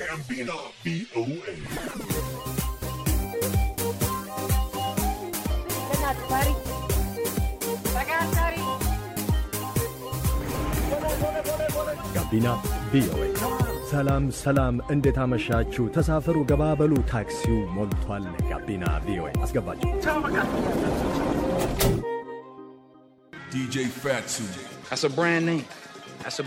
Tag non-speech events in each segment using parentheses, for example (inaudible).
ጋቢና ቪኦኤ ጋቢና ቪኦኤ። ሰላም ሰላም፣ እንዴት አመሻችሁ? ተሳፈሩ፣ ገባበሉ፣ ታክሲው ሞልቷል። ጋቢና ቪኦኤ አስገባችሁ። ዲጄ ፋቱ That's a brand name. That's a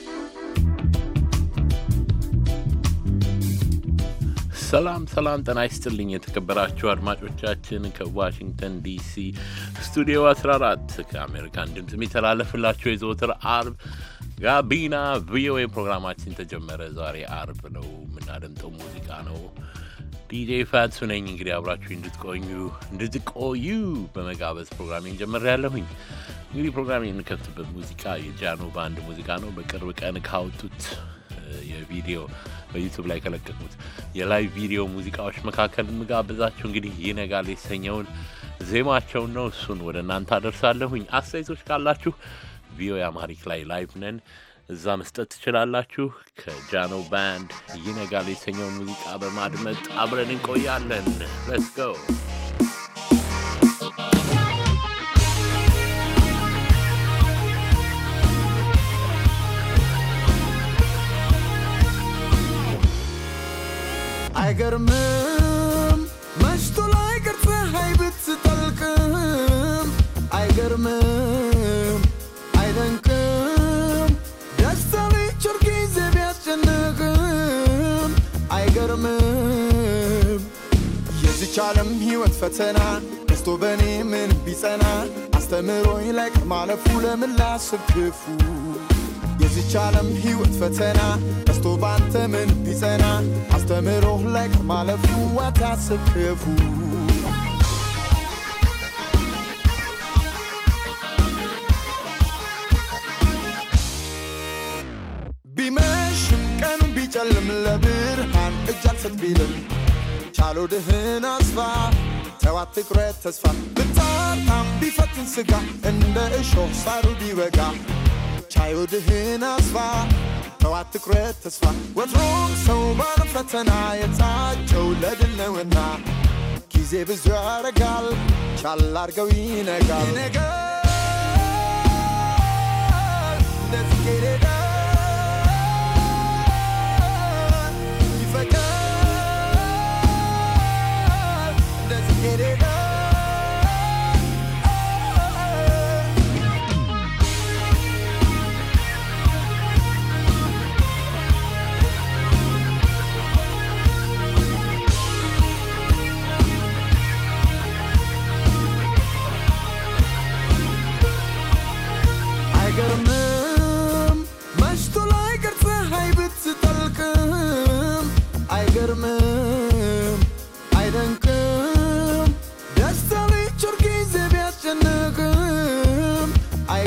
ሰላም ሰላም፣ ጤና ይስጥልኝ የተከበራችሁ አድማጮቻችን ከዋሽንግተን ዲሲ ስቱዲዮ 14 ከአሜሪካን ድምፅ የሚተላለፍላችሁ የዘወትር አርብ ጋቢና ቪኦኤ ፕሮግራማችን ተጀመረ። ዛሬ አርብ ነው፣ የምናደምጠው ሙዚቃ ነው። ዲጄ ፋትሱ ነኝ። እንግዲህ አብራችሁ እንድትቆዩ እንድትቆዩ በመጋበዝ ፕሮግራሜን ያለሁኝ። እንግዲህ ፕሮግራም የምንከፍትበት ሙዚቃ የጃኖ ባንድ ሙዚቃ ነው። በቅርብ ቀን ካወጡት የቪዲዮ በዩቱብ ላይ ከለቀቁት የላይቭ ቪዲዮ ሙዚቃዎች መካከል የምጋብዛችሁ እንግዲህ ይነጋል የተሰኘውን ዜማቸውን ነው። እሱን ወደ እናንተ አደርሳለሁኝ። አስተያየቶች ካላችሁ ቪኦኤ አማሪክ ላይ ላይቭ ነን፣ እዛ መስጠት ትችላላችሁ። ከጃኖ ባንድ ይነጋል የተሰኘውን ሙዚቃ በማድመጥ አብረን እንቆያለን። ሌትስ ጎ አይገርምም መሽቶ ላይ ቅርጽ ፀሐይ ብትጠልቅም አይገርምም አይደንቅም ደስታ ሊጭር ጊዜ ቢያስጨንቅም አይገርምም የዚች ዓለም ሕይወት ፈተና ደስቶ በእኔ ምን ቢጸና አስተምሮኝ ላይ ለምን ላስብ ክፉ ቻለም ሕይወት ፈተና ቀስቶ ባንተ ምን ቢጸና አስተምሮህ ላይ ከማለፉ አታስብ ክፉ ቢመሽም ቀኑ ቢጨልም ለብርሃን እጅ አልሰጥ ቢልም ቻሎ ድህን አስፋ ተዋት ትኩረት ተስፋ ብታታም ቢፈትን ስጋ እንደ እሾህ ሳሩ ቢወጋ ቻዩ ድህን አስፋ ተው ትኩረት ተስፋ ወትሮም ሰው ባለ ፈተና የታቸው ለድል ነውና ጊዜ ብዙ ያረጋል ቻል አድርገው ይነጋል ይነጋል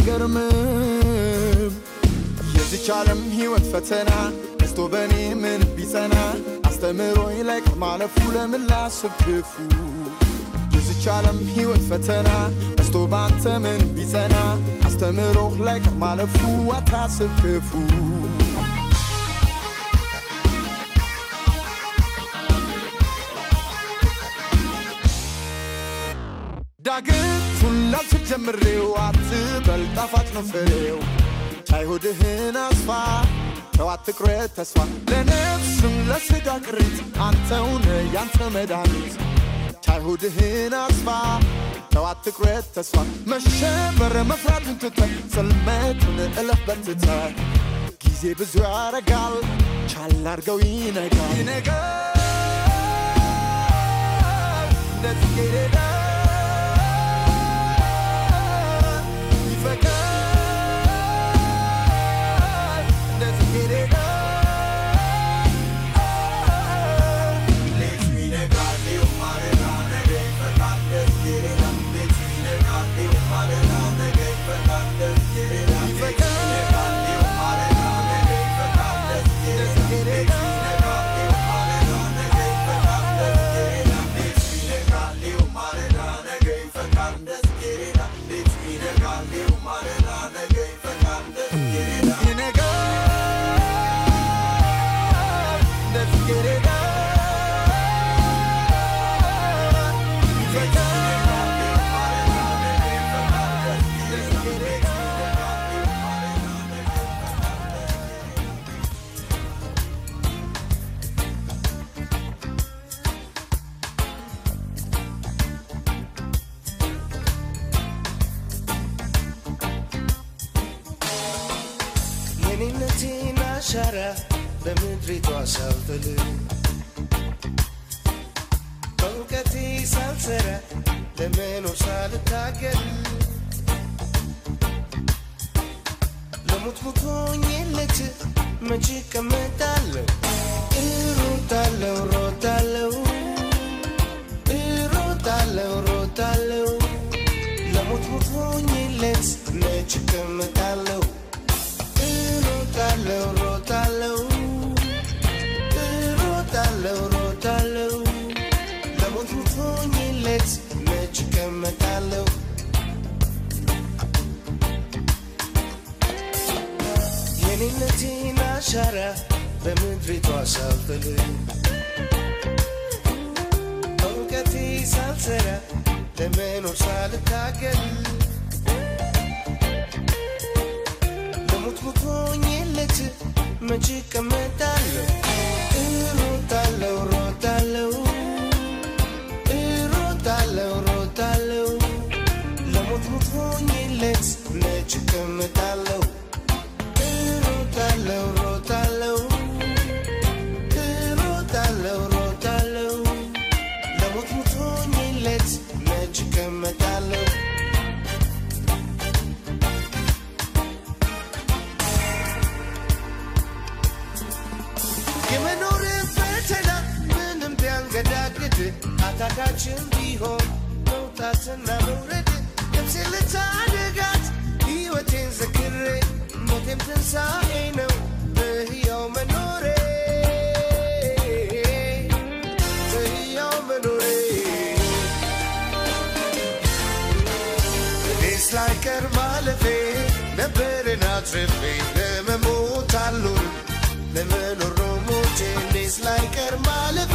አይገርምም የዚች ዓለም ሕይወት ፈተና ደስቶ በእኔ ምን ቢጸና አስተምሮ ላይ ማለፉ ለምን ላስብ የዚች ዓለም ሕይወት ፈተና ደስቶ ባንተ ምን ቢጸና አስተምሮህ ላይ ማለፉ አታስብ እንዳንቺ ጀምሬው አትበል ጣፋጭ ነው ፍሬው ቻይ አስፋ ተው አትቁረጥ ተስፋ ለነፍስም ቅሪት ያንተ መድኃኒት አስፋ ተስፋ መሸበር መፍራትን ትተህ ጽልመትን እለፍ ጊዜ ብዙ ያረጋል ቻል ይነጋል አሻራ በምድሪቷ ሳልጥል በእውቀቴ ሳልሰራ ለመኖር ሳልታገል ለሞት ሙቶኝ የለች መቼ እቀመጣለሁ እሮጣለሁ ሮጣለሁ እሮጣለሁ ሮጣለሁ ለሞት ሙቶኝ የለች መቼ እቀመጣለሁ ceara pe mântuitoasa altfălâi. Tocătii salțărea, temenul sale tagării. Dămut cu tonile ce, măgică metală, rotală, rotală, rotală, rotală. Lămut cu tonile ce, măgică metală, ታካችን ቢሆን መውጣትና መውረድ ነፍሴ ልታደጋት ሕይወቴን ዘክሬ ሞቴም ትንሣኤ ነው በሕያው መኖሬ በሕያው መኖሬ እኔስ ላይቀር ማለፌ ነበርን አትርፌ ለመሞት አልኖርም ለመኖር ነው ሞቴ እኔስ ላይቀር ማለፌ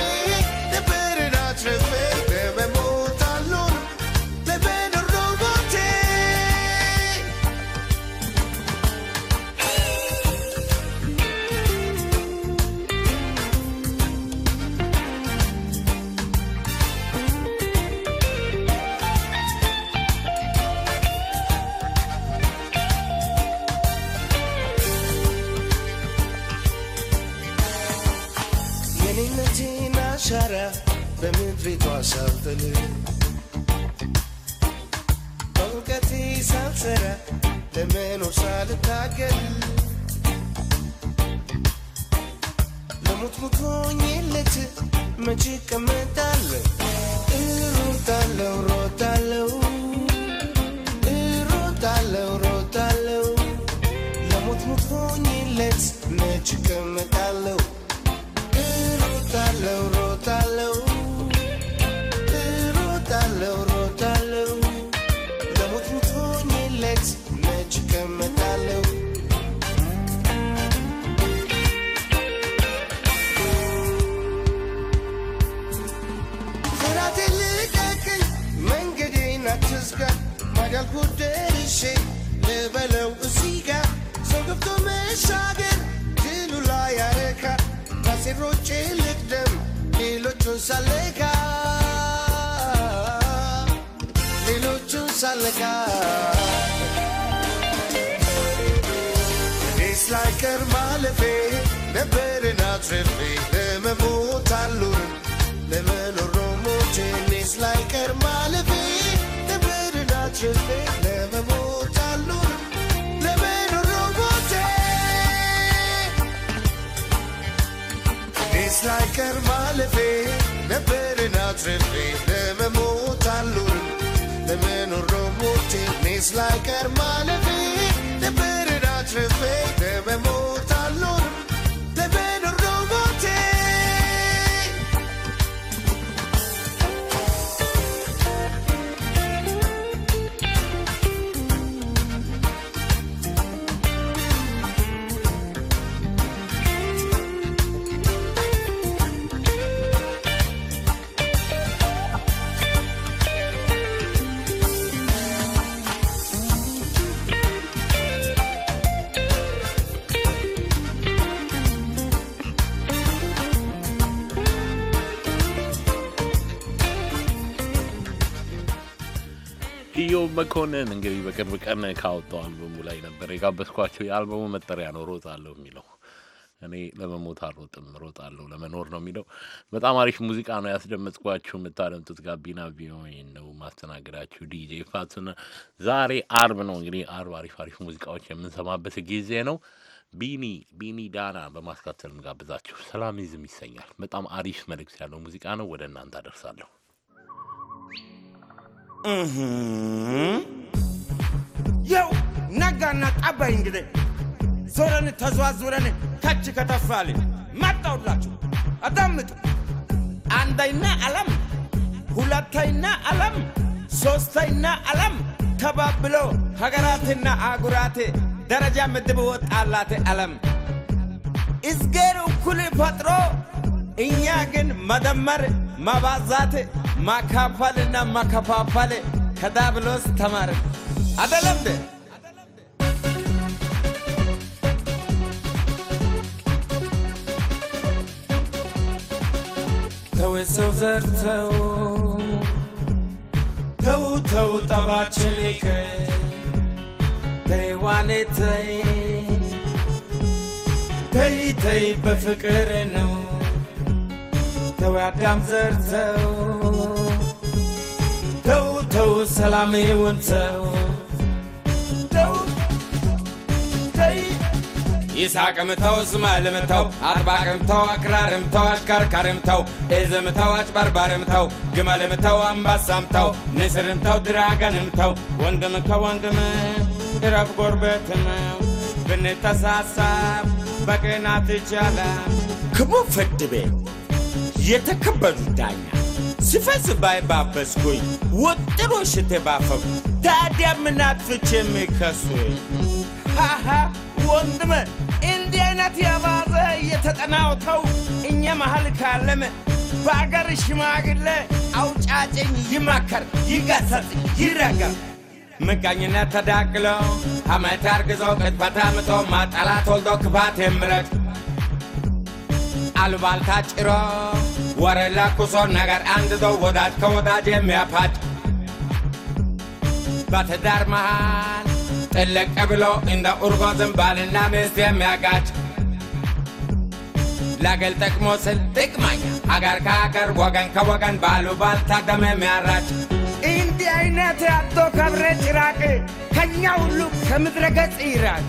happening It's like a malefe, the very natural thing, the memotalur, the menoromo chain. It's like a malefe, the very natural thing, the memotalur, the menoromo chain. It's like a malefe, the very natural like hermanos. መኮንን እንግዲህ በቅርብ ቀን ካወጣው አልበሙ ላይ ነበር የጋበዝኳቸው። የአልበሙ መጠሪያ ነው ሮጥ አለው የሚለው እኔ ለመሞት አልሮጥም ሮጥ አለው ለመኖር ነው የሚለው። በጣም አሪፍ ሙዚቃ ነው ያስደመጥኳችሁ። የምታደምጡት ጋቢና ቪኦኤ ነው። ማስተናገዳችሁ ዲጄ ፋቱና። ዛሬ አርብ ነው እንግዲህ አርብ አሪፍ አሪፍ ሙዚቃዎች የምንሰማበት ጊዜ ነው። ቢኒ ቢኒ ዳና በማስከተል ምጋብዛችሁ ሰላሚዝም ይሰኛል። በጣም አሪፍ መልእክት ያለው ሙዚቃ ነው። ወደ እናንተ አደርሳለሁ። ያው ነጋና ጠባይ እንግዲህ ዞረን ተዟዙረን ታች ከተፋልን መጣሁላችሁ። አዳምጡ። አንዳይና ዓለም፣ ሁለታይና ዓለም፣ ሶስታይና ዓለም ተባብሎ ሀገራትና አጉራት ደረጃ ምድብ ወጣላት ዓለም እዝጌር እኩል ፈጥሮ እኛ ግን መደመር መባዛት ማካፋልና ማከፋፋል ከዳብሎስ ተማረ አደለም እንዴ? ተወሰው ዘርተው ተው ተው ጠባችን ይከ ተይዋኔ ተይ ተይ ተይ በፍቅር ነው ተው አዳም ዘርተው ተው ተው ሰላሜውን ተው ተው ተይ ይስሐቅም ተው እስማኤልም ተው አጥባቅም ተው አክራርም ተው አሽከርካሪም ወንድም ከወንድም ብንተሳሳብ በቅናት ፍርድ ቤት የተከበሩ ዳኛ ስፈስ ባይባበስኩኝ ወጥሮ ሽቴ ባፈኩ ታዲያ ምናትፍች የሚከሱኝ ሃሃ ወንድመ እንዲህ አይነት የባዘ እየተጠናውተው እኛ መሀል ካለም በአገር ሽማግሌ አውጫጭኝ ይመከር ይገሰጽ ይረገም ምቀኝነት ተዳቅሎ አመት አርግዞ ቅጥፈት አምጦ ማጠላት ወልዶ ክፋት የምረቅ አሉባልታ ጭሮ ወረላ ቁሶን ነገር ዘው ወዳጅ ከወዳጅ የሚያፋጭ በትዳር መሃል ጥልቅ ብሎ እንደ ኡርጎ ዝንባልና ባልና ሚስት የሚያጋጭ ለግል ጥቅሞ ስል ጥቅማኛ አገር ከአገር ወገን ከወገን ባሉ ባልታደም የሚያራጭ እንዲህ አይነት አቶ ከብረ ጭራቅ ከእኛ ሁሉ ከምድረ ገጽ ይራቅ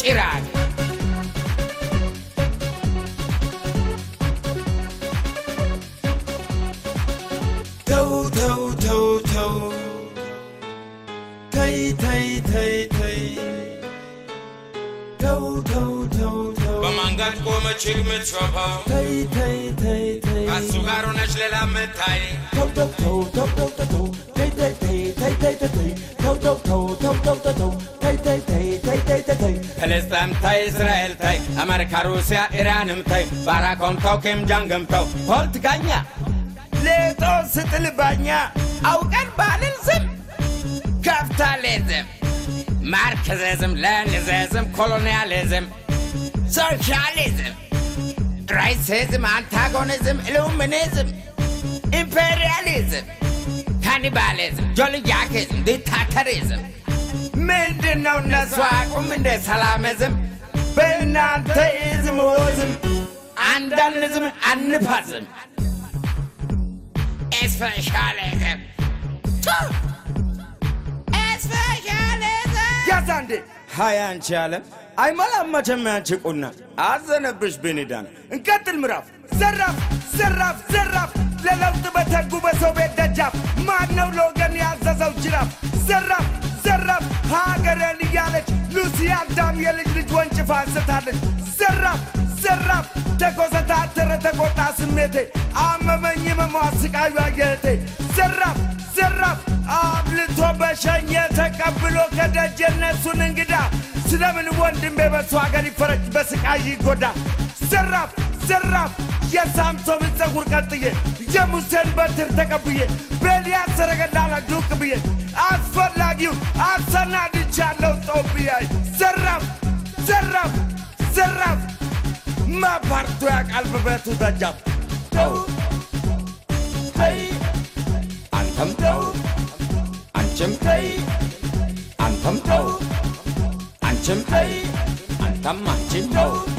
ጭራቅ thâu ቆመች የምትሾፈው ተይ ተይ ተይ ተይ ከሱ ጋር ሆነች ሌላ ምታይ ተው ተው ተው ተው ተው ተው ተው ተይ ተይ ተይ ተይ ተይ ተይ ተይ ተው ተው ተው ተው ተው ተው ተው ተይ ተይ ተይ ተይ ተይ ተይ ተይ ፍልስጤም ታይ እስራኤል ታይ አሜሪካ ሩሲያ ኢራንም ታይ ባራኮም ተው ኪም ጃንግም ተው ፖለቲከኛ ሌጦ ስጥል ባኛ አውቀን ባልን ስም ካፒታሊዝም፣ ማርክሲዝም፣ ሌኒኒዝም፣ ኮሎኒያሊዝም፣ ሶሻሊዝም፣ ራይሲዝም፣ አንታጎኒዝም፣ ኢሉሚኒዝም፣ ኢምፔሪያሊዝም፣ ካኒባሊዝም፣ ጆልጃኪዝም፣ ዲታተሪዝም ምንድን ነው እነሱ አቁም እንደ ሰላምዝም በእናንተ ኢዝም ወዝም አንዳንዝም አንፋዝም Es für Charlene. Es für Charlene. ያዝ አንዴ ሀይ አንቺ አለም አይመላመተም ያንቺ ቁና አዘነብሽ ቤኔዳን እንቀጥል ምዕራፍ ዘራፍ ዘራፍ ዘራፍ ለለውጥ በተጉ በሰው ቤት ደጃፍ ማነው ለወገን ያዘዘው ጅራፍ ዘራፍ ዘራፍ ሀገረን እያለች ሉሲ አዳም የልጅ ልጅ ወንጭፋ አንስታለች ዘራፍ ዘራፍ ተኮሰታተረ ተቆጣ ስሜቴ አመመኝ መሟስቃዩ ስቃዩ ዘራፍ ዘራፍ አብልቶ በሸኘ ተቀብሎ ከደጀ ነሱን እንግዳ ስለምን ወንድሜ በሱ አገር ይፈረጅ በስቃይ ይጎዳ ዘራፍ ዘራፍ የሳምሶንን ፀጉር ቀጥዬ የሙሴን በትር ተቀብዬ በኤልያስ ሰረገላ ዱቅ ብዬ አስፈላጊው አሰናድቻለሁ ጦብያይ ዘራፍ ዘራፍ ዘራፍ ما partrak alfabetu da jab Daw Hey Anthem daw Antam hey Anthem daw Anthem hey Anthem anthem daw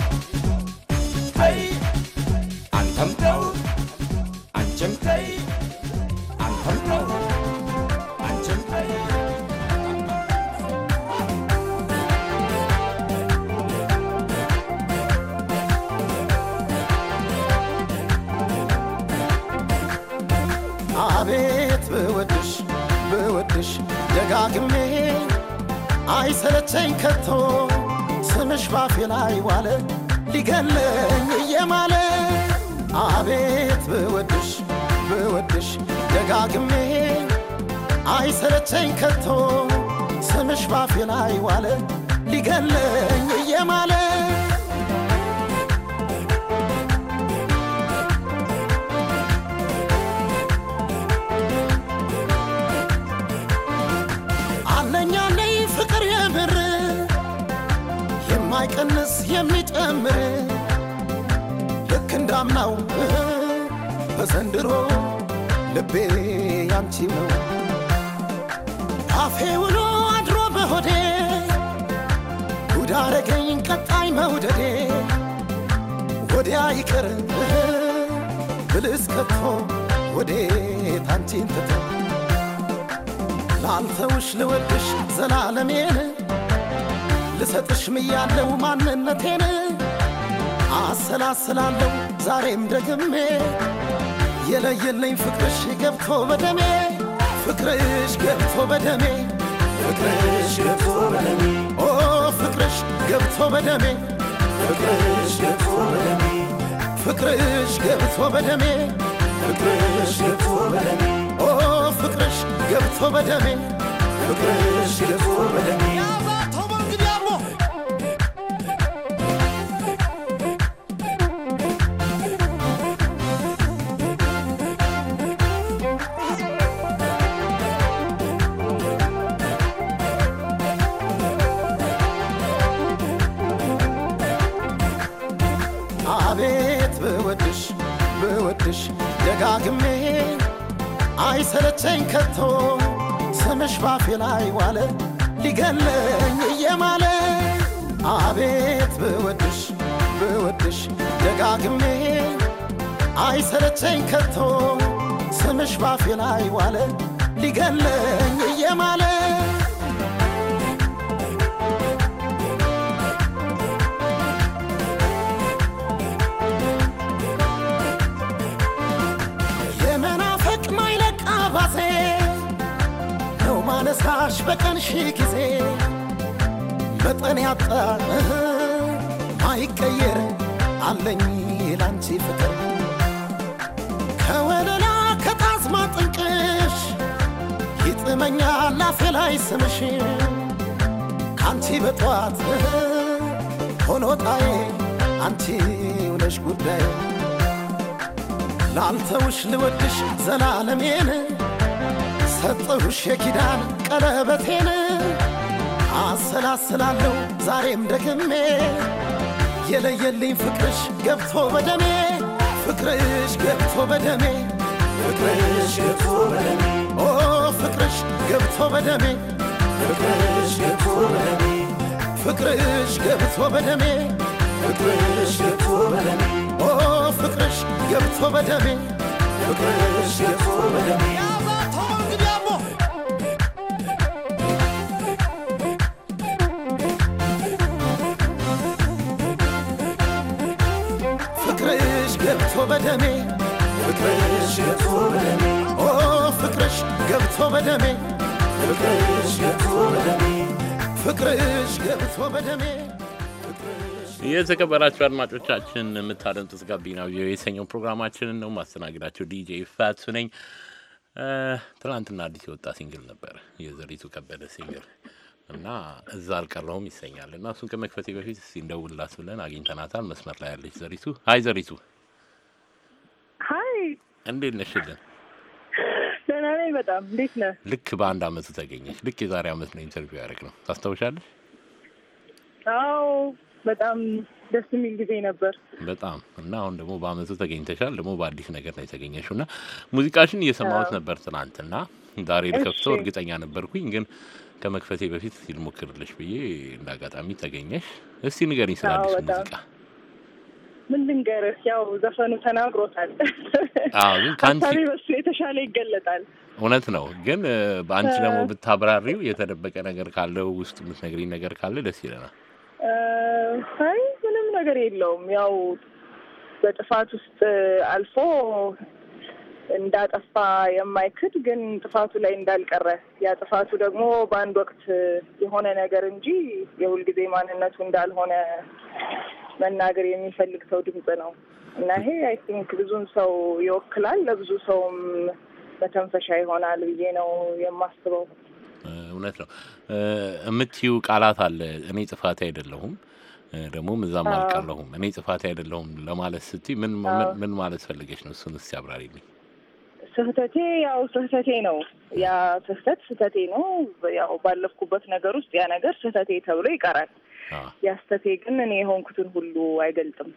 ደጋግሜ አይሰለቸኝ ከቶ ስምሽ ባፌ ላይ ዋለ ሊገለኝ እየማለ አለኛለይ ፍቅር የምር የማይቀንስ የሚጨምር ልክ እንዳምናው በዘንድሮ ልቤ ያንቺው ነው። አፌ ውሎ አድሮ በሆዴ ጉድ አረገኝ ቀጣይ መውደዴ ወዲያ ይቅር ብልስ ከቶ ወዴት አንቺን ትቶ ላልተውሽ ልወድሽ ዘላለሜን ልሰጥሽ ምያለው ማንነቴን አሰላስላለው ዛሬም ደግሜ የለየለኝ ፍቅርሽ ገብቶ በደሜ ፍቅርሽ ገብቶ በደሜ ፍቅርሽ ገብቶ በደሜ ኦ ፍቅርሽ ገብቶ በደሜ ፍቅርሽ ገብቶ በደሜ ፍቅርሽ ገብቶ በደሜ ፍቅርሽ ገብቶ በደሜ ኦ ፍቅርሽ ገብቶ በደሜ ፍቅርሽ ገብቶ በደሜ ደጋግሜ አይሰለቸኝ ከቶ ስምሽ ባፌ ላይ ዋለ ሊገለኝ እየማለ አቤት ብወድሽ ብወድሽ ደጋግሜ አይሰለቸኝ ከቶ ስምሽ ባፌ ላይ ዋለ ሊገለኝ ሳሽ በቀን ሺህ ጊዜ መጠን ያጣ ማይቀየር አለኝ ላንቺ ፍቅር ከወለላ ከጣዝማ ጥንቅሽ ይጥመኛል አፌ ላይ ስምሽ ከአንቺ በጠዋት ሆኖ ጣዬ አንቺ ውነሽ ጉዳይ ላልተውሽ ልወድሽ ዘላለሜን ሰጠሁሽ የኪዳን ቀለበቴን አሰላስላለሁ ዛሬም ደግሜ የለየልኝ ፍቅርሽ ገብቶ በደሜ ፍቅርሽ ገብቶ በደሜ ፍቅርሽ ገብቶ በደሜ ኦ ፍቅርሽ ገብቶ በደሜ ፍቅርሽ ገብቶ በደሜ ፍቅርሽ ገብቶ በደሜ ፍቅርሽ ገብቶ በደሜ ኦ ፍቅርሽ ገብቶ በደሜ ፍቅርሽ ገብቶ በደሜ በደሜ ፍቅርሽ ገብቶ በደሜ ፍቅርሽ ገብቶ በደሜ የተከበራችሁ አድማጮቻችን የምታደምጡት ጋቢና የሰኞው ፕሮግራማችንን ነው። ማስተናግዳቸው ዲጄ ፋቱ ነኝ። ትናንትና አዲስ የወጣ ሲንግል ነበር የዘሪቱ ከበደ ሲንግል እና እዛ አልቀረውም ይሰኛል እና እሱን ከመክፈቴ በፊት እስኪ እንደውልላት ብለን አግኝተናታል። መስመር ላይ ያለች ዘሪቱ። ሀይ ዘሪቱ እንዴት ነሽ? ደህና ነኝ በጣም እንዴት ነህ? ልክ በአንድ አመቱ ተገኘች። ልክ የዛሬ አመት ነው ኢንተርቪው ያደረግ ነው። ታስታውሻለሽ? አዎ በጣም ደስ የሚል ጊዜ ነበር በጣም እና አሁን ደግሞ በአመቱ ተገኝተሻል። ደግሞ በአዲስ ነገር ነው የተገኘሽው እና ሙዚቃሽን እየሰማሁት ነበር ትናንትና። ዛሬ ልከፍተው እርግጠኛ ነበርኩኝ፣ ግን ከመክፈቴ በፊት ልሞክርልሽ ብዬ እንደ አጋጣሚ ተገኘሽ። እስቲ ንገሪኝ ስለ አዲስ ሙዚቃ ምን ልንገርህ፣ ያው ዘፈኑ ተናግሮታል። (laughs) ሀሳቤ በሱ የተሻለ ይገለጣል። እውነት ነው፣ ግን በአንቺ ደግሞ ብታብራሪው የተደበቀ ነገር ካለ ውስጥ የምትነግሪኝ ነገር ካለ ደስ ይለናል። አይ ምንም ነገር የለውም። ያው በጥፋት ውስጥ አልፎ እንዳጠፋ የማይክድ ግን ጥፋቱ ላይ እንዳልቀረ ያ ጥፋቱ ደግሞ በአንድ ወቅት የሆነ ነገር እንጂ የሁልጊዜ ማንነቱ እንዳልሆነ መናገር የሚፈልግ ሰው ድምጽ ነው እና ይሄ አይ ቲንክ ብዙን ሰው ይወክላል፣ ለብዙ ሰውም መተንፈሻ ይሆናል ብዬ ነው የማስበው። እውነት ነው የምትዩ ቃላት አለ። እኔ ጥፋቴ አይደለሁም ደግሞም እዛም አልቀረሁም። እኔ ጥፋቴ አይደለሁም ለማለት ስትይ ምን ምን ማለት ፈልገች ነው? እሱን እስኪ አብራሪልኝ። ስህተቴ ያው ስህተቴ ነው። ያ ስህተት ስህተቴ ነው። ያው ባለፍኩበት ነገር ውስጥ ያ ነገር ስህተቴ ተብሎ ይቀራል። ያስተቴ ግን እኔ የሆንኩትን ሁሉ አይገልጥም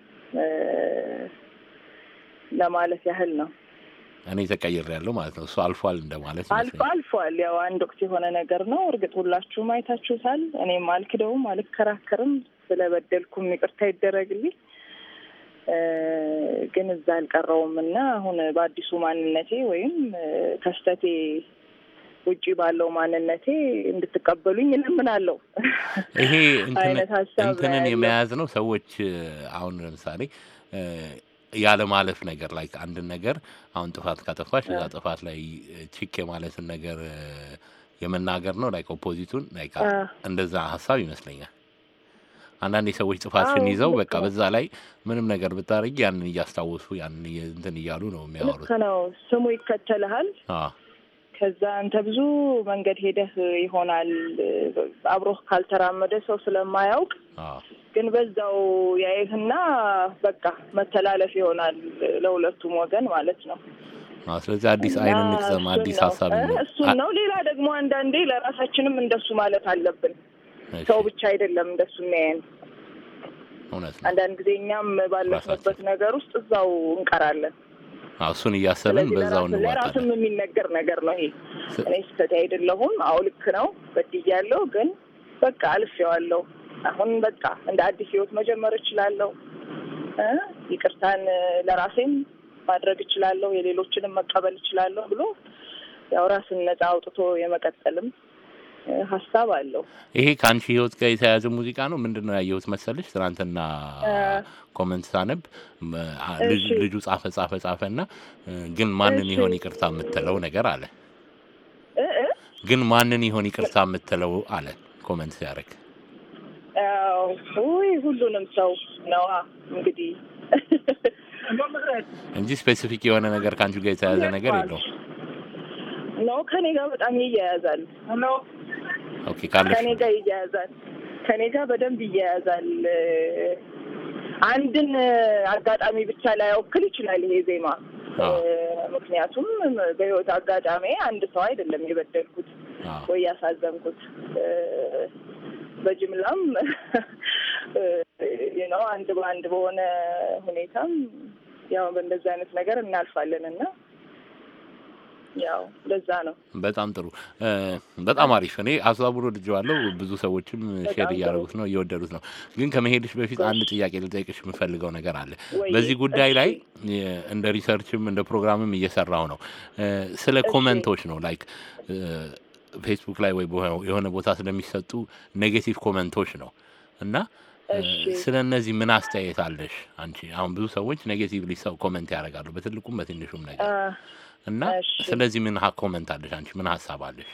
ለማለት ያህል ነው። እኔ ተቀይር ያለው ማለት ነው። እሱ አልፏል እንደማለት አልፎ አልፏል። ያው አንድ ወቅት የሆነ ነገር ነው። እርግጥ ሁላችሁም አይታችሁታል። እኔም አልክደውም፣ አልከራከርም። ስለበደልኩም ይቅርታ ይደረግልኝ። ግን እዛ አልቀረውም እና አሁን በአዲሱ ማንነቴ ወይም ከስተቴ ውጭ ባለው ማንነቴ እንድትቀበሉኝ እለምናለሁ። ይሄ እንትንን የመያዝ ነው። ሰዎች አሁን ለምሳሌ ያለማለፍ ነገር ላይ አንድን ነገር አሁን ጥፋት ካጠፋሽ እዛ ጥፋት ላይ ችክ የማለትን ነገር የመናገር ነው ላይ ኦፖዚቱን ላይ እንደዛ ሀሳብ ይመስለኛል። አንዳንድ የሰዎች ጥፋትን ይዘው በቃ በዛ ላይ ምንም ነገር ብታደርጊ ያንን እያስታወሱ ያንን እንትን እያሉ ነው የሚያወሩት። ነው ስሙ ይከተልሃል ከዛ አንተ ብዙ መንገድ ሄደህ ይሆናል አብሮህ ካልተራመደ ሰው ስለማያውቅ ግን በዛው ያይህና በቃ መተላለፍ ይሆናል ለሁለቱም ወገን ማለት ነው። ስለዚህ አዲስ አይን እንግዘም አዲስ ሀሳብ እሱን ነው። ሌላ ደግሞ አንዳንዴ ለራሳችንም እንደሱ ማለት አለብን። ሰው ብቻ አይደለም እንደሱ የሚያየን እውነት ነው። አንዳንድ ጊዜ እኛም ባለፍንበት ነገር ውስጥ እዛው እንቀራለን። እሱን እያሰብን በዛው እንዋጣለን። ለራሱም የሚነገር ነገር ነው ይሄ። እኔ ስህተት አይደለሁም። አዎ ልክ ነው፣ በድያለሁ። ግን በቃ አልፌዋለሁ። አሁን በቃ እንደ አዲስ ህይወት መጀመር እችላለሁ። ይቅርታን ለራሴም ማድረግ እችላለሁ፣ የሌሎችንም መቀበል እችላለሁ ብሎ ያው ራስን ነጻ አውጥቶ የመቀጠልም ሀሳብ አለው። ይሄ ከአንቺ ህይወት ጋር የተያያዘ ሙዚቃ ነው። ምንድን ነው ያየሁት መሰለሽ ትናንትና ኮመንት ሳነብ ልጁ ጻፈ ጻፈ ጻፈ እና ግን ማንን ይሆን ይቅርታ የምትለው ነገር አለ። ግን ማንን ይሆን ይቅርታ የምትለው አለ ኮመንት ሲያደርግ ውይ ሁሉንም ሰው ነዋ እንግዲህ እንጂ ስፔሲፊክ የሆነ ነገር ከአንቺ ጋር የተያያዘ ነገር የለውም ነው። ከኔ ጋር በጣም ይያያዛል። ኦኬ ካለሽ ከኔ ጋር ይያያዛል። ከኔ ጋር በደንብ ይያያዛል። አንድን አጋጣሚ ብቻ ላይወክል ይችላል ይሄ ዜማ። ምክንያቱም በህይወት አጋጣሚ አንድ ሰው አይደለም የበደልኩት ወይ ያሳዘንኩት በጅምላም ነው አንድ በአንድ በሆነ ሁኔታም ያው በእንደዚህ አይነት ነገር እናልፋለን እና ያው ለዛ ነው። በጣም ጥሩ፣ በጣም አሪፍ። እኔ አስተባብሮ ወድጀዋለሁ። ብዙ ሰዎችም ሼር እያደረጉት ነው፣ እየወደዱት ነው። ግን ከመሄድሽ በፊት አንድ ጥያቄ ልጠይቅሽ የምፈልገው ነገር አለ። በዚህ ጉዳይ ላይ እንደ ሪሰርችም እንደ ፕሮግራምም እየሰራው ነው። ስለ ኮመንቶች ነው ላይክ ፌስቡክ ላይ ወይ የሆነ ቦታ ስለሚሰጡ ኔጌቲቭ ኮመንቶች ነው እና ስለ እነዚህ ምን አስተያየት አለሽ አንቺ? አሁን ብዙ ሰዎች ኔጌቲቭ ሊሰው ኮመንት ያደርጋሉ በትልቁም በትንሹም ነገር እና ስለዚህ ምን ኮመንት አለሽ አንቺ? ምን ሀሳብ አለሽ?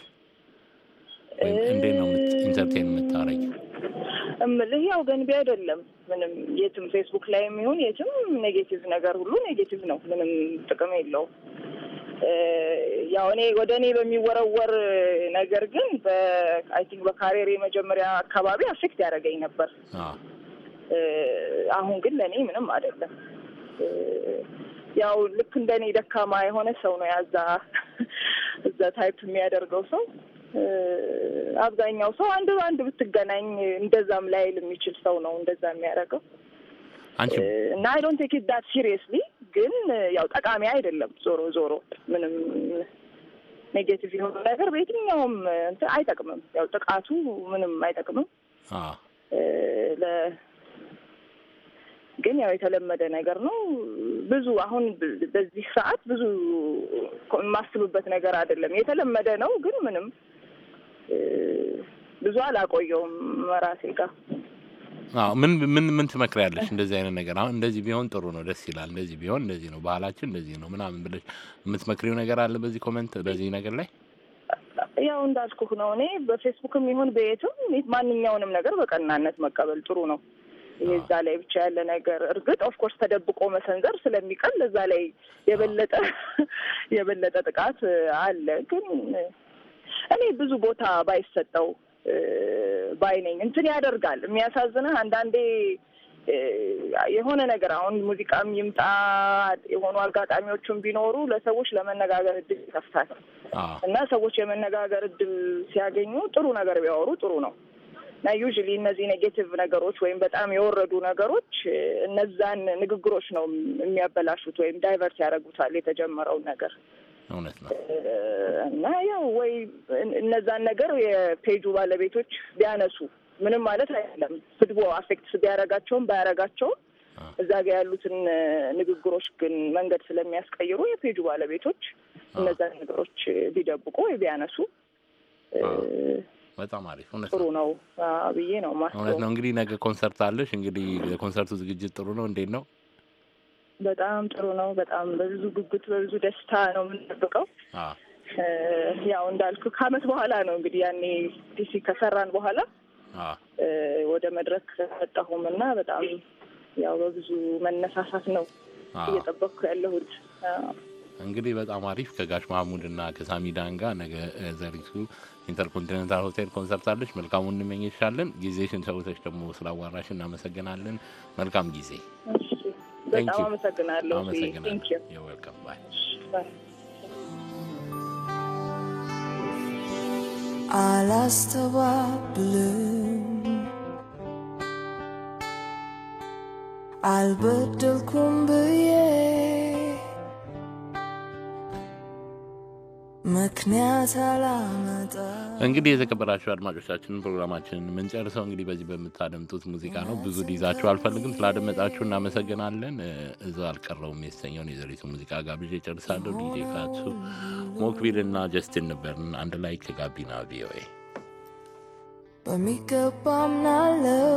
እንዴት ነው ኢንተርቴን የምታረጊ? እምልህ ያው ገንቢ አይደለም ምንም የትም ፌስቡክ ላይ የሚሆን የትም ኔጌቲቭ ነገር ሁሉ ኔጌቲቭ ነው። ምንም ጥቅም የለውም። ያው እኔ ወደ እኔ በሚወረወር ነገር ግን አይ ቲንክ የመጀመሪያ አካባቢ አፌክት ያደረገኝ ነበር። አሁን ግን ለእኔ ምንም አይደለም። ያው ልክ እንደኔ ደካማ የሆነ ሰው ነው ያዛ (laughs) እዛ ታይፕ የሚያደርገው ሰው አብዛኛው ሰው አንድ አንድ ብትገናኝ እንደዛም ላይል የሚችል ሰው ነው እንደዛ የሚያደርገው እና አይ ዶንት ቴክ ኢት ዳት ሲሪየስሊ ግን ያው ጠቃሚ አይደለም። ዞሮ ዞሮ ምንም ኔጌቲቭ የሆነ ነገር በየትኛውም አይጠቅምም። ያው ጥቃቱ ምንም አይጠቅምም ግን ያው የተለመደ ነገር ነው። ብዙ አሁን በዚህ ሰዓት ብዙ የማስብበት ነገር አይደለም። የተለመደ ነው፣ ግን ምንም ብዙ አላቆየውም መራሴ ጋር ምን ምን ምን ትመክሪያለሽ? እንደዚህ አይነት ነገር አሁን እንደዚህ ቢሆን ጥሩ ነው፣ ደስ ይላል፣ እንደዚህ ቢሆን እንደዚህ ነው፣ ባህላችን እንደዚህ ነው ምናምን ብለሽ የምትመክሪው ነገር አለ? በዚህ ኮመንት፣ በዚህ ነገር ላይ ያው እንዳልኩህ ነው። እኔ በፌስቡክም ይሁን በየትም ማንኛውንም ነገር በቀናነት መቀበል ጥሩ ነው። የዛ ላይ ብቻ ያለ ነገር እርግጥ ኦፍኮርስ ተደብቆ መሰንዘር ስለሚቀል እዛ ላይ የበለጠ (laughs) የበለጠ ጥቃት አለ። ግን እኔ ብዙ ቦታ ባይሰጠው ባይነኝ እንትን ያደርጋል። የሚያሳዝንህ አንዳንዴ የሆነ ነገር አሁን ሙዚቃም ይምጣ የሆኑ አጋጣሚዎቹም ቢኖሩ ለሰዎች ለመነጋገር እድል ይከፍታል እና ሰዎች የመነጋገር እድል ሲያገኙ ጥሩ ነገር ቢያወሩ ጥሩ ነው። እና ዩዥሊ እነዚህ ኔጌቲቭ ነገሮች ወይም በጣም የወረዱ ነገሮች እነዛን ንግግሮች ነው የሚያበላሹት ወይም ዳይቨርት ያደርጉታል የተጀመረውን ነገር። እውነት ነው። እና ያው ወይ እነዛን ነገር የፔጁ ባለቤቶች ቢያነሱ ምንም ማለት አይደለም። ስድቦ አፌክት ቢያረጋቸውም ባያረጋቸውም እዛ ጋ ያሉትን ንግግሮች ግን መንገድ ስለሚያስቀይሩ የፔጁ ባለቤቶች እነዛን ነገሮች ቢደብቁ ወይ ቢያነሱ በጣም አሪፍ ጥሩ ነው ብዬ ነው ማስ እውነት ነው። እንግዲህ ነገ ኮንሰርት አለሽ። እንግዲህ የኮንሰርቱ ዝግጅት ጥሩ ነው። እንዴት ነው? በጣም ጥሩ ነው። በጣም በብዙ ጉጉት በብዙ ደስታ ነው የምንጠብቀው። ያው እንዳልኩ ከአመት በኋላ ነው እንግዲህ ያኔ ዲሲ ከሰራን በኋላ ወደ መድረክ መጣሁም እና በጣም ያው በብዙ መነሳሳት ነው እየጠበቅኩ ያለሁት። እንግዲህ በጣም አሪፍ ከጋሽ ማሙድ እና ከሳሚዳን ጋር ነገ ዘሪቱ ኢንተርኮንቲኔንታል ሆቴል ኮንሰርት አለች። መልካሙ እንመኝሻለን። ጊዜሽን ሰውተች ደግሞ ስላዋራሽ እናመሰግናለን። መልካም ጊዜ። በጣም አመሰግናለሁ። አመሰግናለሁ። አላስተባብልም አልበደልኩም ብዬ እንግዲህ የተከበራችሁ አድማጮቻችን ፕሮግራማችንን የምንጨርሰው እንግዲህ በዚህ በምታደምጡት ሙዚቃ ነው። ብዙ ሊይዛችሁ አልፈልግም። ስላደመጣችሁ እናመሰግናለን። እዛ አልቀረውም የተሰኘውን የዘሪቱ ሙዚቃ ጋብዤ ጨርሳለሁ። ዲጄ ፋቱ ሞክቢል እና ጀስቲን ነበርን አንድ ላይ ከጋቢና ቪኦኤ በሚገባ አምናለው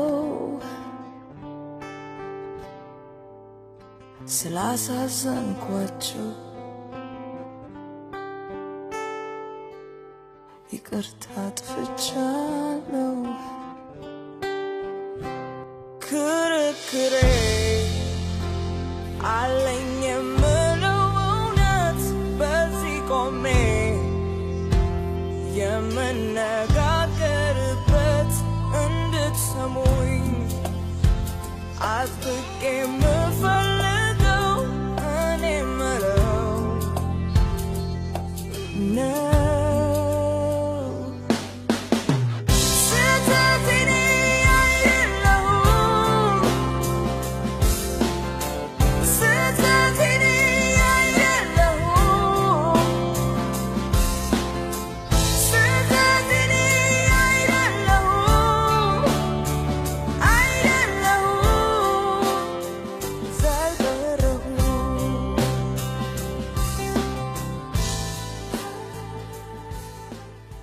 ስላሳዘንኳቸው ይቅርታ ጥፍቻለሁ ክርክሬ አለኝ የምለው እውነት በዚህ ቆሜ የምነጋገርበት እንድትሰሙኝ አጥብቄ